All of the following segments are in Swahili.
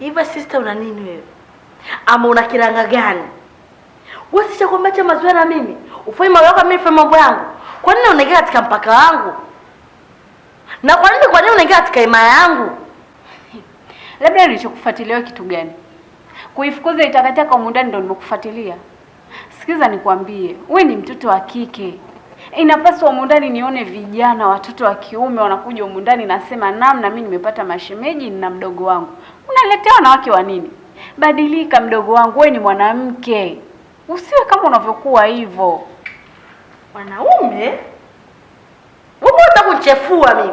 hiva sister, una nini wewe? Ama una kiranga gani? Wewe sisha kwambia cha mazoea na mimi. Ufanye mambo yako, mimi fanye mambo yangu. Kwa nini unaingia katika mpaka wangu? Na kwa nini kwa nini unaingia katika ima yangu? Labda nilichokufuatilia kitu gani? Kuifukuza itakataka kwa muda ndio nimekufuatilia. Sikiza nikwambie, wewe ni mtoto wa kike. Inapaswa humu ndani nione vijana watoto wa kiume wanakuja humu ndani, nasema namna mimi nimepata mashemeji na mdogo wangu. Unaletea wanawake wa nini? Badilika mdogo wangu, wewe ni mwanamke, usiwe kama unavyokuwa hivyo. Wanaume utakuchefua mimi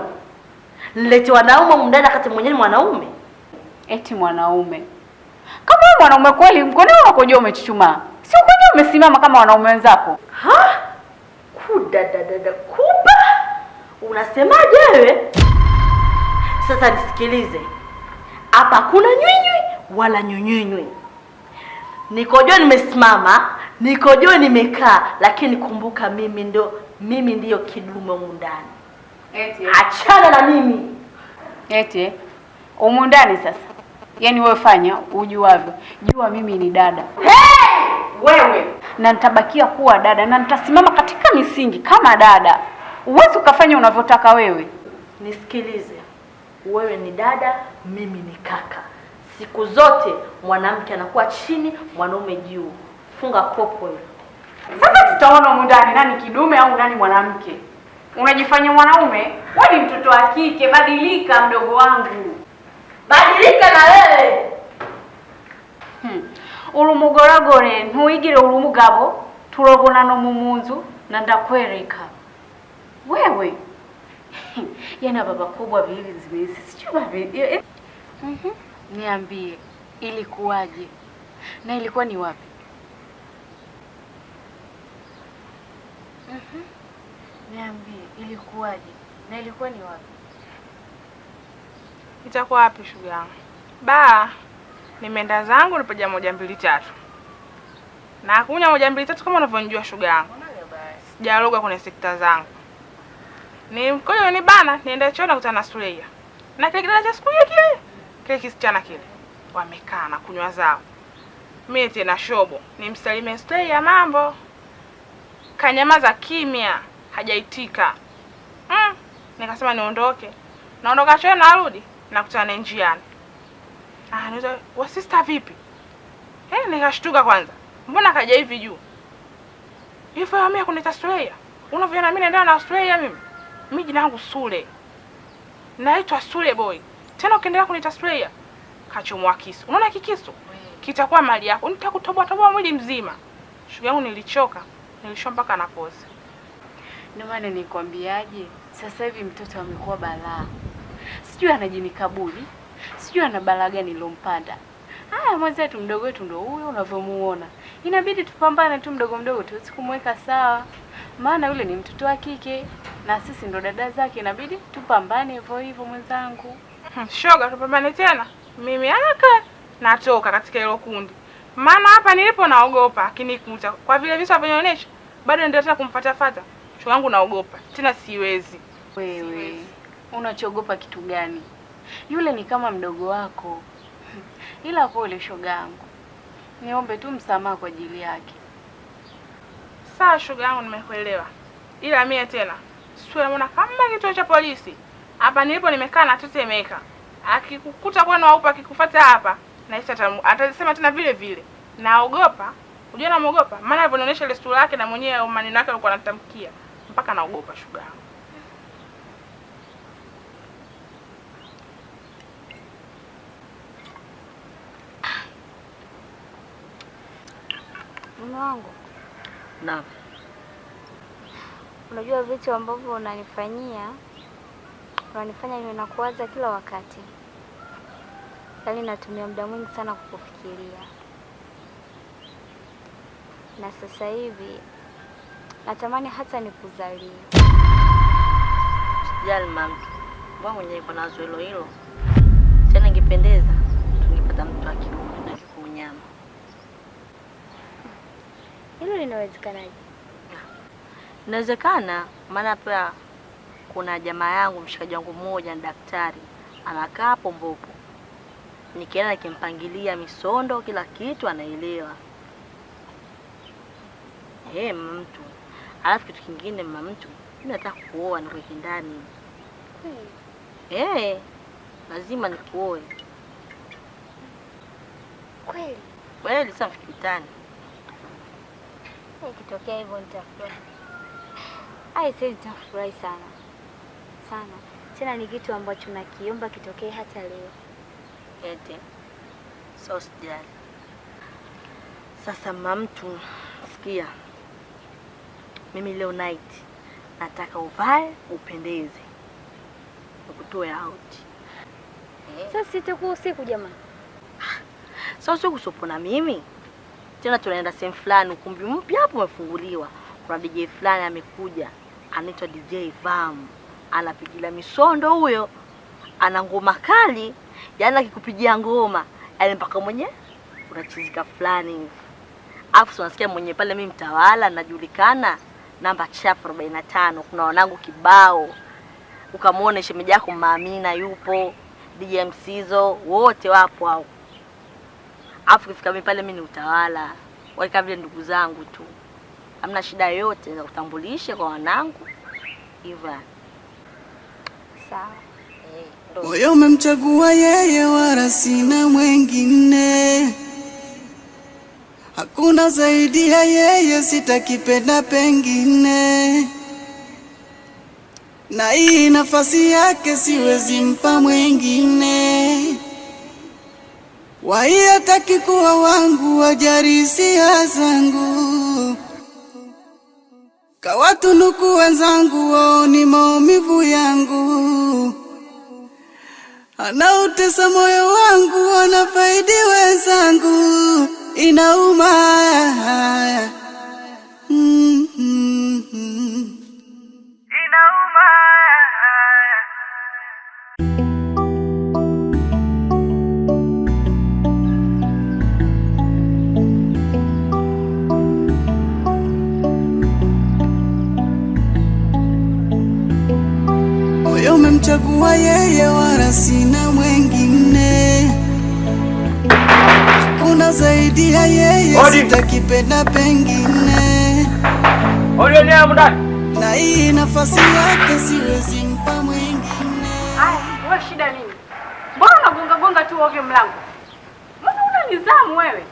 nilete wanaume humu ndani, wakati mwenyewe mwanaume eti mwanaume kama wewe mwanaume kweli, mkono wako juu umechuchumaa, sio kwenye Umesimama kama wanaume wenzako ha? udadadada kuba, unasemaje wewe? Sasa nisikilize hapa, kuna nywinywi wala nyunyinywi. Nikojua nimesimama, nikojua nimekaa, lakini kumbuka mimi ndo mimi ndiyo kidume humu ndani. Eti achana na mimi eti humu ndani sasa. Yani wewe fanya ujuavyo, jua mimi ni dada. Hey, wewe na nitabakia kuwa dada na nitasimama katika misingi kama dada. Huwezi ukafanya unavyotaka wewe. Nisikilize, wewe ni dada, mimi ni kaka. Siku zote mwanamke anakuwa chini, mwanaume juu. Funga kopo hiyo. Sasa tutaona huko ndani nani kidume au nani mwanamke. Unajifanya mwanaume, wewe ni mtoto wa kike. Badilika mdogo wangu, badilika na wewe uri umugoragore ntuyigire uri umugabo turabonana mu munzu na ndakwereka wewe yena aba bakubwa birinze iminsi sijui babi eh. mhm. niambie ilikuwaje na ilikuwa ni wapi mhm. niambie ilikuwaje na ilikuwa ni wapi itakuwa wapi shuga yangu baa nimeenda zangu nipaja moja mbili tatu na kunywa moja mbili tatu kama unavyonijua shuga yangu, sijaloga kwenye sekta zangu. Ni mkoyo ni bana, nienda chuo na kutana na Suleia na kile kidada cha siku hiyo kile kile kisichana kile, wamekaa na kunywa zao. Mimi tena shobo nimsalimie Suleia, mambo, kanyamaza kimya, hajaitika mm. Nikasema niondoke, naondoka chuo narudi, nakutana naye njiani anaweza ah, naita wasista vipi? Eh, nikashtuka kwanza. Mbona kaja hivi juu? Hivyo yeye kuniita Australia. Unavyoona mimi naenda na Australia mimi. Mimi jina langu Sule. Naitwa Sule boy. Tena ukiendelea kuniita Australia, kachomwa kisu. Unaona kikisu? Mm. Kitakuwa mali yako. Nitakutoboa toboa mwili mzima. Shughuli yangu nilichoka, nilishwa mpaka na kozi. Ndio maana nikwambiaje? Sasa hivi mtoto amekuwa balaa. Sijui anajinikabuli sijui ana balaa gani nilompanda. Haya, mwenzetu mdogo wetu ndio huyo unavyomuona, inabidi tupambane tu mdogo mdogo, tuwezi kumweka sawa, maana yule ni mtoto wa kike na sisi ndo dada zake, inabidi tupambane hivyo hivyo mwenzangu. Hmm, shoga, tupambane tena. Mimi haraka natoka katika hilo kundi, maana hapa nilipo naogopa akinikuta kwa vile visa vinaonyesha bado naendelea tena kumfatafata. Shoga wangu, naogopa tena, siwezi. Wewe unachogopa kitu gani? Yule ni kama mdogo wako, ila pole shogangu, niombe tu msamaha kwa ajili yake. Sawa shogangu, nimekuelewa, ila mie tena siamona kama kituo cha polisi hapa nilipo nimekaa natetemeka. Akikukuta kwenu aupa, akikufuata hapa naisi atasema tena vile vile. Naogopa, unajua namogopa, maana alivyonionyesha ile sura yake na mwenyewe maneno yake alikuwa anatamkia mpaka naogopa shogangu. Mume wangu, naam, unajua vitu ambavyo unanifanyia unanifanya niwe nakuwaza kila wakati, yaani natumia muda mwingi sana kukufikiria, na sasa hivi natamani hata nikuzalie. Sijali mama, mwenyewe kuna hilo hilo tena ingependeza inawezekanaje? Inawezekana, maana pia kuna jamaa yangu mshikaji wangu mmoja ni daktari, anakaa hapo Mbopo, nikienda nikimpangilia misondo kila kitu anaelewa. Hey, mtu alafu kitu kingine mama mtu, nataka kuoa kuishi ndani hmm. Hey, lazima nikuoe kweli kweli, sasa fikitani ikitokea hivyo nitafurahi. Ai, sasa nitafurahi sana sana tena, ni kitu ambacho nakiomba kitokee hata leo. Ete so sijali. Sasa mamtu, sikia, mimi leo night nataka uvae upendeze, ukutoe out. Sasa sitakuwa usiku jamani, sasa usiku sopona mimi tena tunaenda sehemu fulani, ukumbi mpya hapo umefunguliwa, kuna DJ fulani amekuja, anaitwa DJ Vam, anapigila misondo huyo, ana ngoma kali, yaani akikupigia ngoma yaani mpaka mwenye unachizika fulani, afu unasikia mwenye pale, mimi mtawala, najulikana namba chafu 45 kuna wanangu kibao, ukamwona shemeji yako Maamina yupo, DJ Msizo, wote wapo hao afu kifika pale, mimi ni utawala waika vile ndugu zangu tu, hamna shida yoyote, na kutambulishe kwa wanangu hivyo. Sawa. Eh, Moyo umemchagua yeye, wala sina mwengine, hakuna zaidi ya yeye, sitakipenda pengine, na hii nafasi yake siwezi mpa mwengine waiyatakikuwa wangu, wajarisia zangu kawatunuku wenzangu, waoni maumivu yangu, anautesa moyo wangu, wanafaidi wenzangu, inauma wala sina mwengine, kuna zaidi ya yeye, sitakipenda pengine, na hii nafasi yake siwezi mpa mwengine. Wewe shida nini? Mbona unagonga gonga tu ovyo mlango? Mbona una nizamu wewe?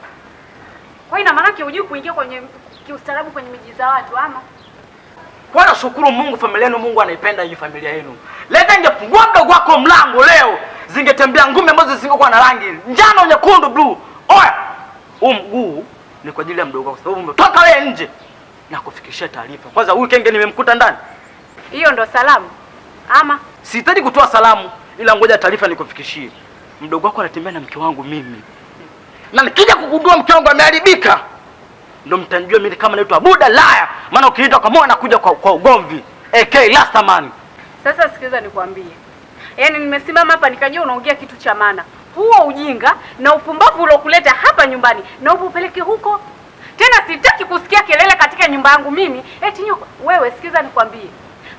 Kwa ina maana hujui kuingia kwenye kiustarabu kwenye miji za watu ama kwa shukuru Mungu, familia yenu, Mungu anaipenda hii familia yenu. Leta ingefungua mdogo wako mlango leo, zingetembea ngume ambazo zisingekuwa na rangi njano, nyekundu, bluu. Oya, huu mguu ni kwa ajili ya mdogo wako, sababu umetoka wewe nje na kufikishia taarifa. Kwanza huyu kenge nimemkuta ndani, hiyo ndo salamu ama? Sihitaji kutoa salamu, ila ngoja taarifa nikufikishie. Mdogo wako anatembea na mke wangu mimi, na nikija kugundua mke wangu ameharibika ndo mtanijua mimi kama naitwa Buda Laya, maana ukiitwa kwa nakuja kwa, kwa ugomvi AK last man. Sasa sikiza nikwambie, yaani nimesimama hapa nikajua unaongea kitu cha maana. Huo ujinga na upumbavu uliokuleta hapa nyumbani na upeleke huko tena. Sitaki kusikia kelele katika nyumba yangu mimi. Eti nyuko wewe, sikiza nikwambie,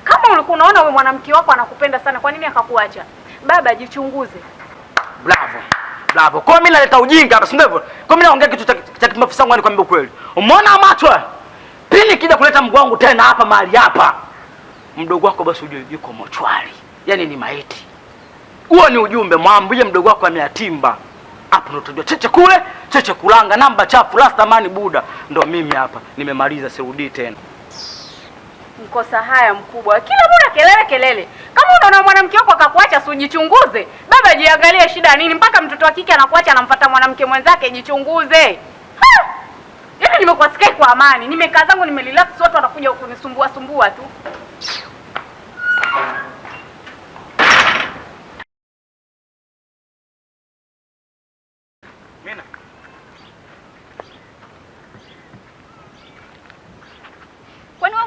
kama ulikuwa unaona wewe mwanamke wako anakupenda sana, kwa nini akakuacha? Baba, jichunguze. Bravo la hapo. Kwa mimi naleta ujinga hapa, si ndivyo? Kwa mimi naongea kitu cha kimafisa wangu nikwambia ukweli. Umeona macho? Pili kija kuleta mguu wangu tena hapa mahali hapa. Mdogo wako basi ujue yuko mochwari. Yaani ni maiti. Huo ni ujumbe, mwambie mdogo wako ameatimba Hapo ndo tunajua cheche kule, cheche kulanga, namba chafu, last amani Buda. Ndo mimi hapa. Nimemaliza sirudi tena mkosa haya mkubwa, kila muda kelele kelele. Kama unaona mwanamke wako akakuacha, si ujichunguze baba, jiangalie shida nini, mpaka mtoto wa kike anakuacha anamfuata mwanamke mwenzake? Jichunguze. Yaani nimekuwa sikai kwa amani, nimekaa zangu nimerelax, watu wanakuja kunisumbua sumbua tu.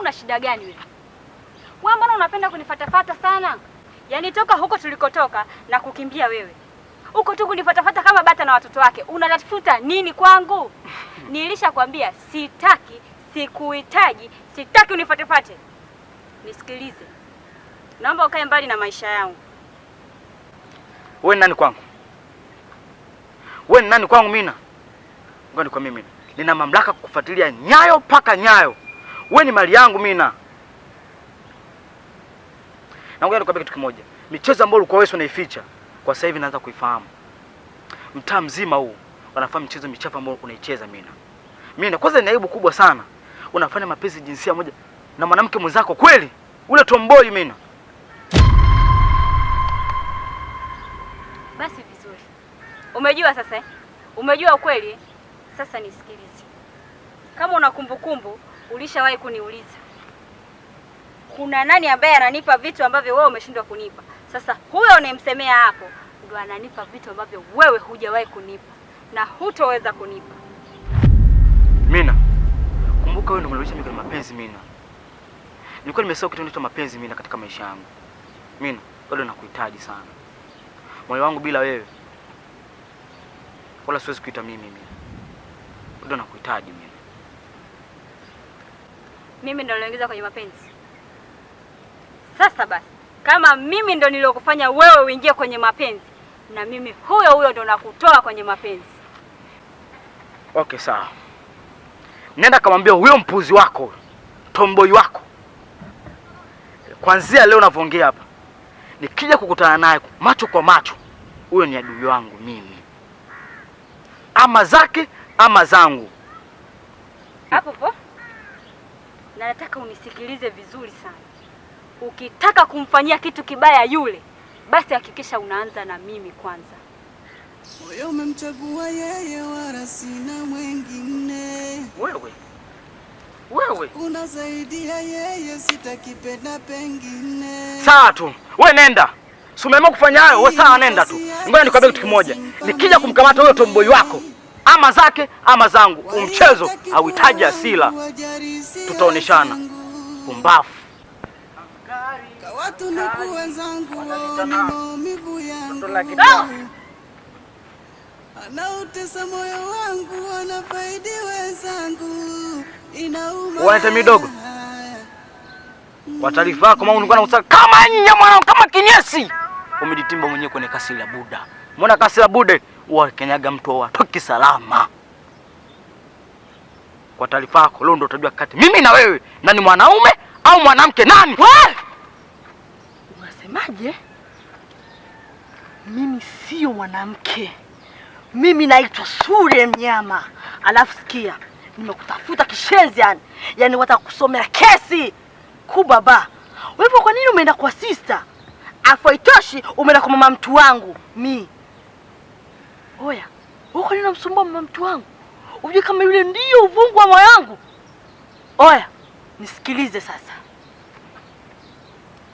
una shida gani wewe? Wewe mbona unapenda kunifatafata sana? Yaani toka huko tulikotoka na kukimbia wewe huko tu kunifatafata kama bata na watoto wake, unatafuta nini kwangu? Nilishakwambia sitaki, sikuhitaji, sitaki unifatafate. Nisikilize, naomba ukae mbali na maisha yangu. Wewe ni nani kwangu? Wewe ni nani kwangu? Mina ngoja nikwambie, mimi nina mamlaka kukufuatilia nyayo mpaka nyayo wewe ni mali yangu mina. ngoja nikwambia kitu kimoja, michezo ambayo ulikuwa wewe unaificha kwa sasa hivi naanza kuifahamu. Mtaa mzima huu wanafahamu michezo michafu ambayo unaicheza mina. Mina, kwanza ni aibu kubwa sana, unafanya mapenzi jinsia moja na mwanamke mwenzako kweli, ule tomboy mina. Basi vizuri, umejua sasa, eh? umejua ukweli. Sasa nisikilize, kama una kumbukumbu ulishawahi kuniuliza kuna nani ambaye ananipa vitu ambavyo wewe umeshindwa kunipa? Sasa huyo unayemsemea hapo ndo ananipa vitu ambavyo wewe hujawahi kunipa na hutoweza kunipa. Mina, kumbuka wewe ndo unaonyesha mimi mapenzi. Mina, nilikuwa nimesahau kitu cha mapenzi Mina katika maisha yangu. Mina, bado nakuhitaji sana moyo wangu, bila wewe wala siwezi kuita mimi. Mina, bado nakuhitaji Mina mimi ndo niliongeza kwenye mapenzi. Sasa basi, kama mimi ndo niliokufanya wewe uingie kwenye mapenzi, na mimi huyo huyo ndo nakutoa kwenye mapenzi. Okay, sawa. Nenda kamwambia huyo mpuzi wako tomboi wako, kwanzia leo unavyoongea hapa, nikija kukutana naye macho kwa macho, huyo ni adui wangu mimi, ama zake ama zangu hapo hapo na nataka unisikilize vizuri sana. Ukitaka kumfanyia kitu kibaya yule, basi hakikisha unaanza na mimi kwanza. Moyo umemchagua yeye, wala sina mwengine. Wewe wewe ya yeye, sitakipenda pengine. Sawa tu, we nenda Sumeamua kufanya hayo, we sawa, nenda tu. Ngoja nikwambie kitu kimoja, nikija kumkamata huyo tomboi wako ama zake ama zangu. mchezo hauhitaji asila, tutaoneshana pumbafu wanete midogo. Kwa taarifa yako, maana unakuwa kama nje mwanangu kama kinyesi, umejitimba mwenyewe kwenye kasi la buda. Mbona kasi la buda? kenyaga mtu watoki salama. Kwa taarifa yako, leo ndo utajua kati mimi na wewe nani mwanaume au mwanamke nani. Unasemaje? Mimi sio mwanamke, mimi naitwa Sule Mnyama. Alafu sikia, nimekutafuta kishenzi, yani yani watakusomea kesi kubaba. Wewe kwa nini umeenda kwa sister? Afu itoshi umeenda kwa mama mtu wangu mi Oya, huko nina msumbua mama mtu wangu, ujue kama yule ndiyo uvungu wa moyo wangu. Oya, nisikilize sasa,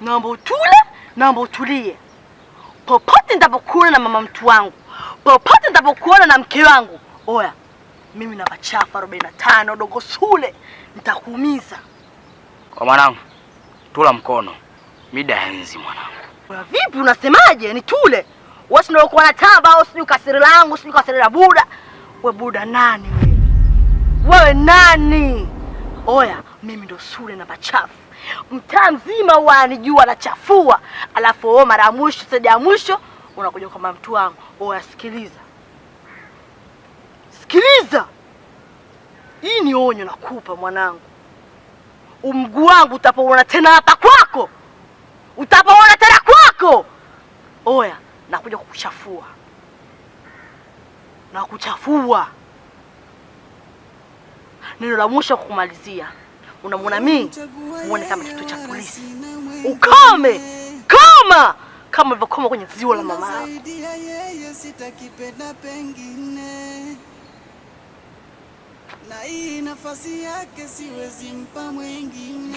naomba utule, naomba utulie. Popote ndapokuona na mama mtu wangu, popote ndapokuona na mke wangu, oya, mimi na machafu arobaini na tano dogo Sule, nitakuumiza kwa mwanangu. Tula mkono mida ya enzi mwanangu. Oya, vipi unasemaje? Nitule? wewe ndio uko na taba au sijui kasiri langu sijui kasiri la buda? We buda nani wewe? Wewe nani? Oya, mimi ndo sule na machafu, mtaa mzima na nachafua, alafu o mara ya mwisho sadi ya mwisho unakuja kama mtu wangu. Oya, sikiliza sikiliza, hii ni onyo nakupa mwanangu, umguu wangu utapoona tena hapa kwako, utapoona tena kwako. Oya, na kuja kukuchafua na kuchafua. Neno la mwisho kukumalizia, unamwona mimi muone kama kitu cha polisi, ukome kama kama ulivyokoma kwenye ziwa la mama yako.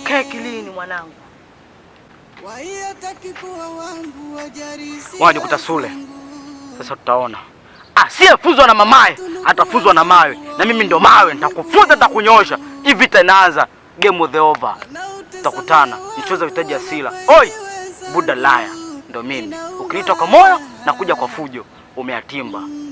Kae kilini mwanangu? wajikuta Sule. Sasa tutaona asiyefuzwa ah, na mamaye atafuzwa na mawe, na mimi ndo mawe, nitakufunza nitakunyosha. Hii vita inaanza, game of the over, tutakutana mcheza vitaji asila. Oi buda laya, ndo mimi ukiniita kwa moyo na kuja kwa fujo, umeatimba.